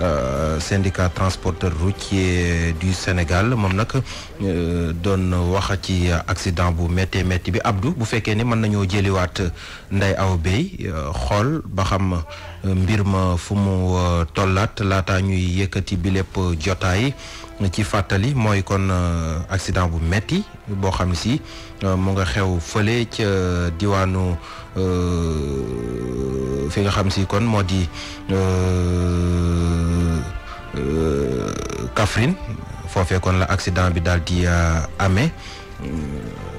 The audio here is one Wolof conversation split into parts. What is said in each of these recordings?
Euh, syndicat transporteur routier du Sénégal moom nag euh, doon wax ci accident bu metti metti bi Abdou bu fekkee ni mën nañoo jëliwaat Ndeye Awa Beye euh, xool ba xam mbir ma fu mu tollaat laata ñuy yëkkati bi lepp jotaay ci fatali moy kon accident bu metti bo xam si mo nga xew fële diwanu euh, fi nga xam si kon moo di euh, euh, Kaffrine foofee kon la accident bi daal di euh, amee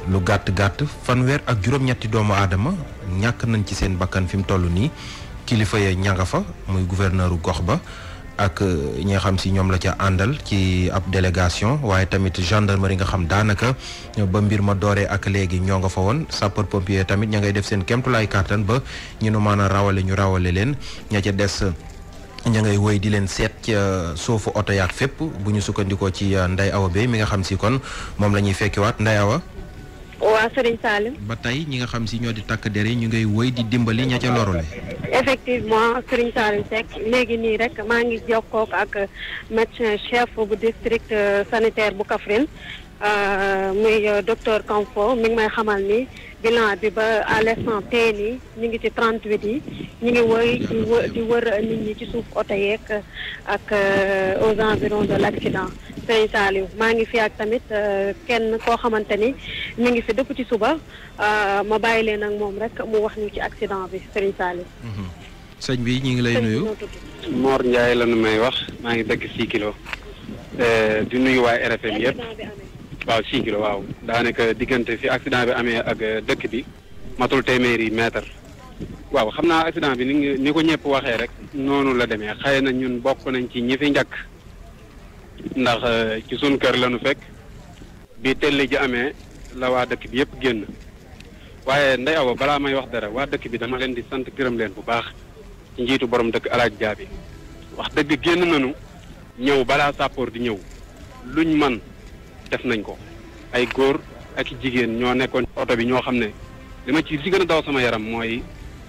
lu gàtt gàtt fanweer ak juróom-ñetti doomu aadama ñàkk nañ ci seen bakkan fi mu toll nii kilifa yee ña nga fa muy gouverneur gox ba. ak euh, ñi xam si ñoom la ca àndal ci ab délégation waaye tamit gendarmerie nga xam daanaka ba mbir ma dooree ak léegi ñoo nga fa woon sapeur pompier tamit ña ngay def seen kemtulaay kàttan ba ñu nu maanaam rawale ñu rawale leen ña ca des. ña ngay woy di leen seet ca suufu oto yaak fépp bu ñu sukkandikoo ci euh, Ndeye Awa Bey mi nga xam si kon moom la ñuy fekkiwaat Ndeye Awa waa Sëriñ Salim. ba tey ñi nga xam si ñoo di takk der yi ñu ngay wëy di dimbali ña ca lorule. effectivement Sëriñ Salim Seck léegi nii rek maa ngi jokkook ak médecin chef bu district euh, sanitaire bu Kaffrine euh, muy euh, docteur Kamfo mi may xamal nii bilan bi ba à l'instant tey nii ñu ngi ci 38 yi ñu ngi woy di wë di wër nit ñi ci suuf oto yeeg ak euh, aux environs de l'accident Sëñ Saliou maa ngi fi ak tamit euh, kenn koo xamante ni mi ngi fi dëpp ci suba euh, ma bàyyi leen ak moom rek mu wax ñu ci accident bi Sëñ Saliou. Mhm. sëñ bi ñu ngi lay nuyu. Mor Ndiaye la nu may wax maa ngi dëkk 6 kilo di nuyu waa RFM yëpp. waaw 6 kilos waaw daanaka diggante fi accident bi amee ak euh, dëkk bi matul téeméeri mètre waaw xam naa accident bi ni ni ko ñëpp waxee rek noonu la demee xëy na ñun bokk nañ ci ñi fi njëkk ndax euh, ci suñ kër la fekk bi telle ji amee la waa dëkk bi yëpp génn waaye Ndeye Awa balaa may wax dara waa dëkk bi dama leen di sant gërëm leen bu baax ci njiitu borom dëkk alaaj jaabi wax dëgg génn nañu ñëw balaa sàppoor di ñëw luñ man def nañ ko ay góor ak jigéen ñoo nekkoon oto bi ñoo xam ne li ma ci li daw sama yaram mooy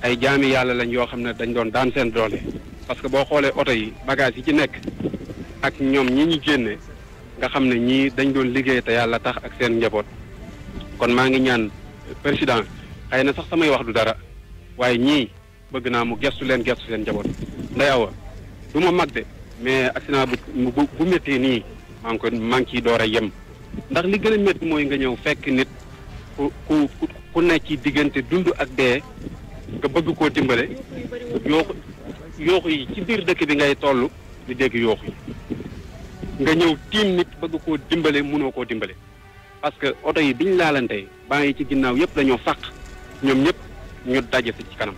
ay jaami yàlla lañ yoo xam ne dañ doon daan seen doole parce que boo xoolee oto yi bagage yi ci nekk ak ñoom ñi ñu génne nga xam ne ñii dañ doon liggéey te yàlla tax ak seen njaboot kon maa ngi ñaan président xëy na sax samay wax du dara waaye ñii bëgg naa mu gestu leen gestu seen njaboot nday awa du ma mag de mais accident bu bu métti nii maa ko maa ngi ciy door a yem ndax li gën a métti mooy nga ñëw fekk nit ku ku ku ne ci diggante dund ak dee nga bëgg koo dimbale yooxu yi ci biir dëkk bi ngay toll di dégg yooxu yi nga ñëw tiim nit bëgg koo dimbale mënoo koo dimbale parce que oto yi biñ laalante baa yi ci ginnaaw yëpp dañoo fàq ñoom ñëpp ñu daje si ci kanam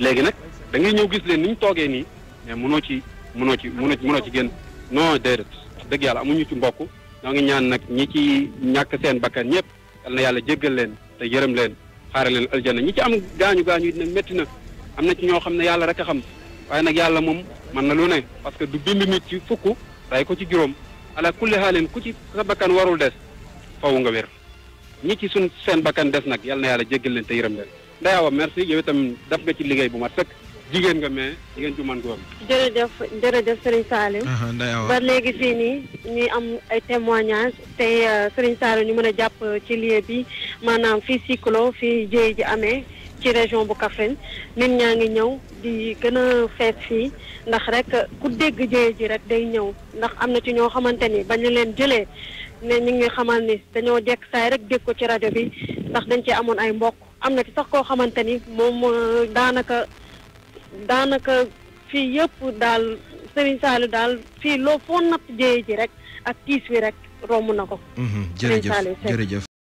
léegi nag da ngay ñëw gis leen ni ñu toogee nii mais mënoo ci mënoo ci mënoo ci mënoo ci génn non déedéet dëgg yàlla amuñu ci mbokk ñoo ngi ñaan nag ñi ci ñàkk seen bakkan ñëpp yal na yàlla jegal leen te yërëm leen xaare leen aljana ñi ci am gaañu gaañu it nag métti na am na ci ñoo xam ne yàlla rek a xam waaye nag yàlla moom mën na lu ne parce que du bind nit ci fukk ray ko ci juróom ala kulli haalin ku ci sa bakkan warul des faw nga wér ñi ci suñ seen bakkan des nag yal yàlla jéggal leen te yërëm leen ndeyaawa merci yow itam daf nga ci liggéey bu mat sëkk jigéen nga mais jigéen ju man jërëjëf jërëjëf Serigne Saliou ba léegi fii nii ñuy am ay témoignage te euh, Serigne Saliou ñu mën a jàpp ci lieu bi maanaam fii cyclo fii jéey ji amee ci région bu Kaffrine nit ñaa ngi ñëw di gën a fees fii ndax rek ku dégg jéey ji rek day ñëw ndax am na ci ñoo xamante ni ba ñu leen jëlee ne ñu ngi xamal ni dañoo jekk saay rek dégg ko ci rajo bi ndax dañ ci amoon ay mbokk am na ci sax koo xamante ni moom euh, daanaka daanaka fii yëpp daal Serigne daal fii loo foo natt jëyee ji rek ak tiis wi rek romb na ko. Mhm,